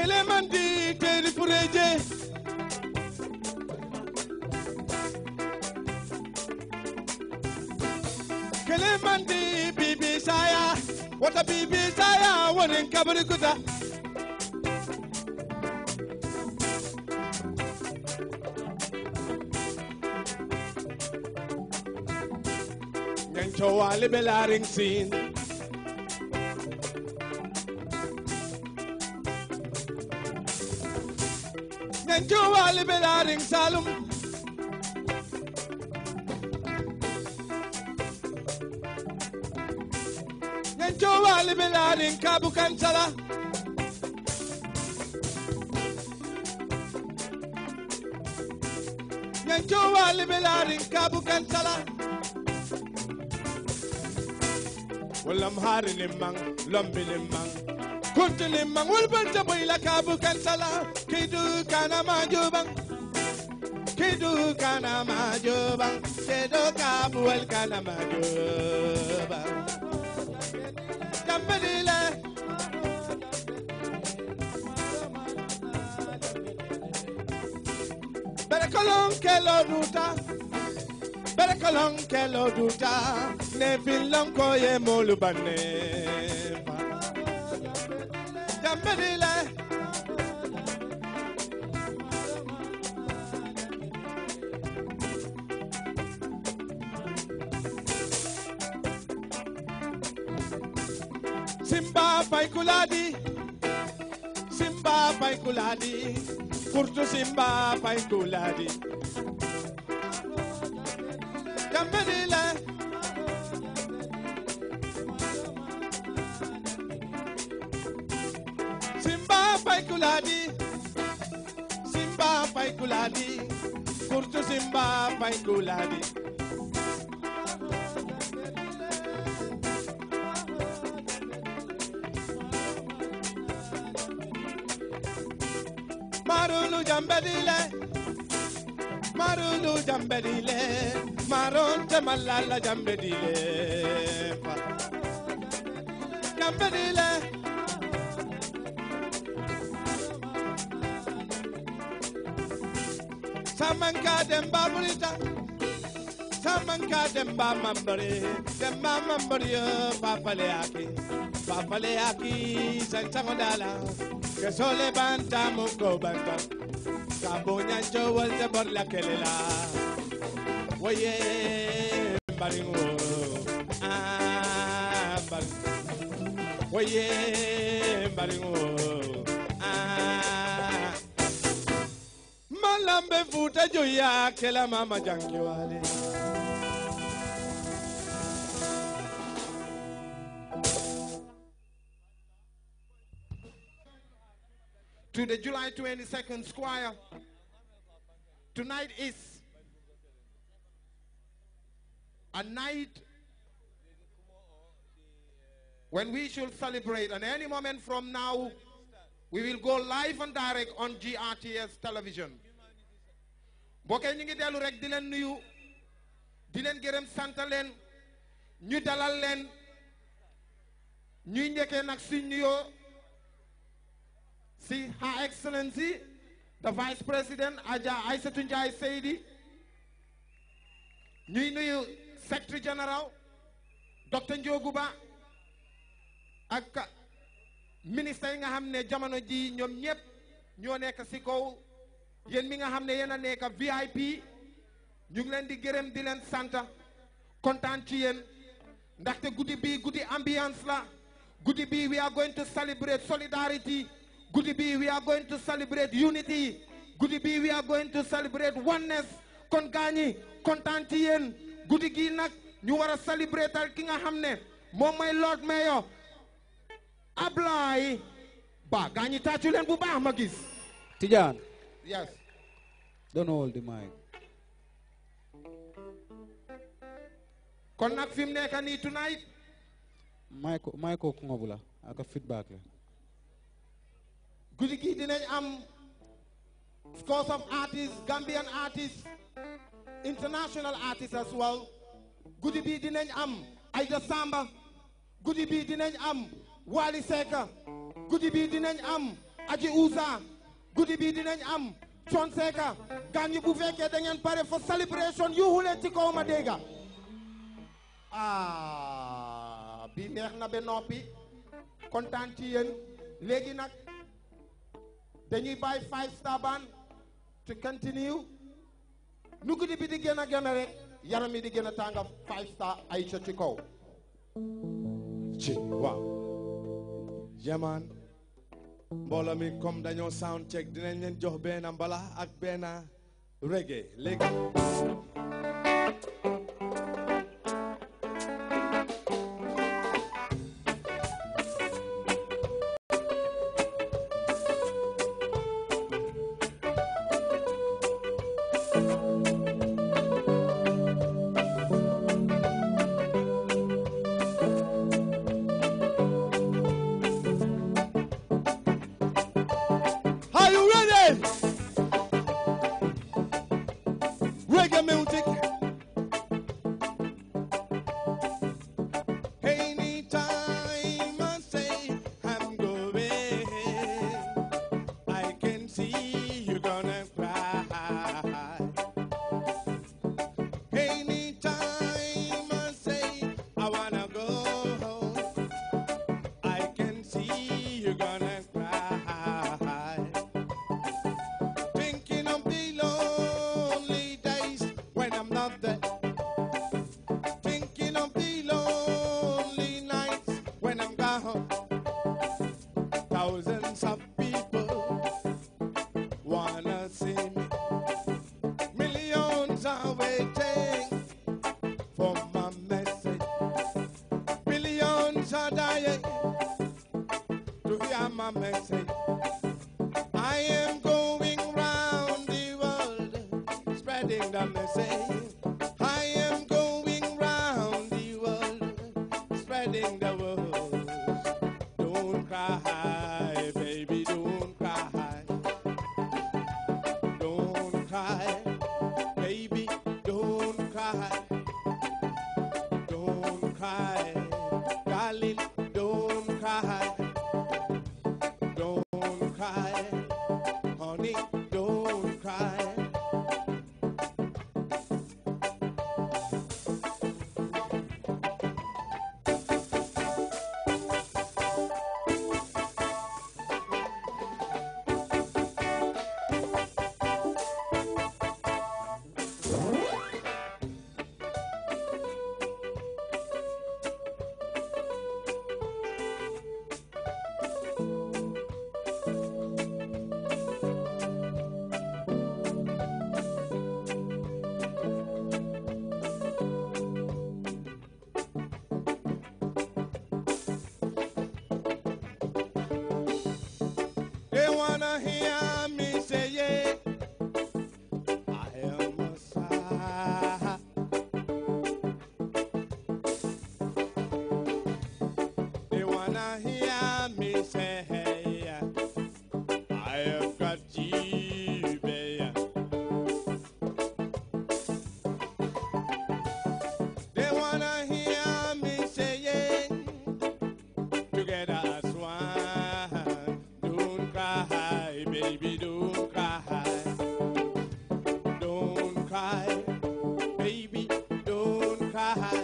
Kele Kelemandi Keripureje. Kelemandi Bibi Saya. What a Bibi Saya, one in Kabarikuta. Yancho Alibelaring sin. den Cuba liberating salum. Den Cuba liberating Cabo Cancela. Den Cuba liberating Cabo Cancela. Well, I'm hiding in man, lumping in man. Kuntuli mangul banta buila kabu kansala Kidu kana majubang Kidu kana majubang Kidu kabu el kana majubang Jambadila Berekolong kelo duta Berekolong kelo duta ne Nevilong koye molubane Simba Simba kuladi, Simba kuladi, Kurtu Simba paikuladi Dambelile kuladi simba fay kuladi kurtu simba fay kuladi marulu jambedile marulu jambedile maronte malala jambedile jambedile Samanka Demba Burita Samanka Demba Mambari Demba Mambari oh, Papaleaki Papaleaki Santamadala Kesole Banta Muko Banta Sabunya Joel de Borla Kelela Oye Baringo Ah Baringo Oye Baringo mama Jangiwale. To the July 22nd Squire, tonight is a night when we should celebrate. And any moment from now, we will go live and direct on GRTS television. mbokk yi ñu ngi dellu rek di leen nuyu di leen gërëm sant leen ñu dalal leen ñuy njëkkee nag suñ nuyoo si Her Excellency the Vice President Adja Aïssatou Seydi ñuy nuyu Secretary General docteur Ndiogou Ba ak ministre yi nga xam ne jamono ji ñoom ñëpp ñoo nekk si kaw Yen mi nga xamne yena nek VIP ñu ngi len di gërem di len santa kontaan ci ndax te goudi bi goudi ambiance la goudi bi we are going to celebrate solidarity goudi bi we are going to celebrate unity goudi bi we are going to celebrate oneness kon gañi kontaan ci yen goudi gi nak ñu wara a celebratal ki nga xamne mom may Lord Mayor ablay Ba ta tàccu len bu baax ma gis tidiane Yes. Don't hold the mic. Connect film. fi can eat tonight. Michael Michael Kungobu I got feedback la. guddi gi am scores of artists Gambian artists international artists as well guddi bi i am Aida Samba guddi bi i am Wally Seka. guddi bi i am Aji Uza. guddi bii dinañ am Thione Seck gan yi bu fekkee da ngeen pare fa celebration yuuxu leen ci kaw ma dégga ah neex na ba noppi kontaan ci yéen léegi nag dañuy bàyyi five star band to continue nu guddi bi di gën a gën rek yaram yi di gën a tànga five star ay ci kaw ci waaw jaman mbooloo mi comme dañoo sound check dinañ leen jox benn mbalax ak benn reggae léegi me music I am going round the world spreading the message. cry.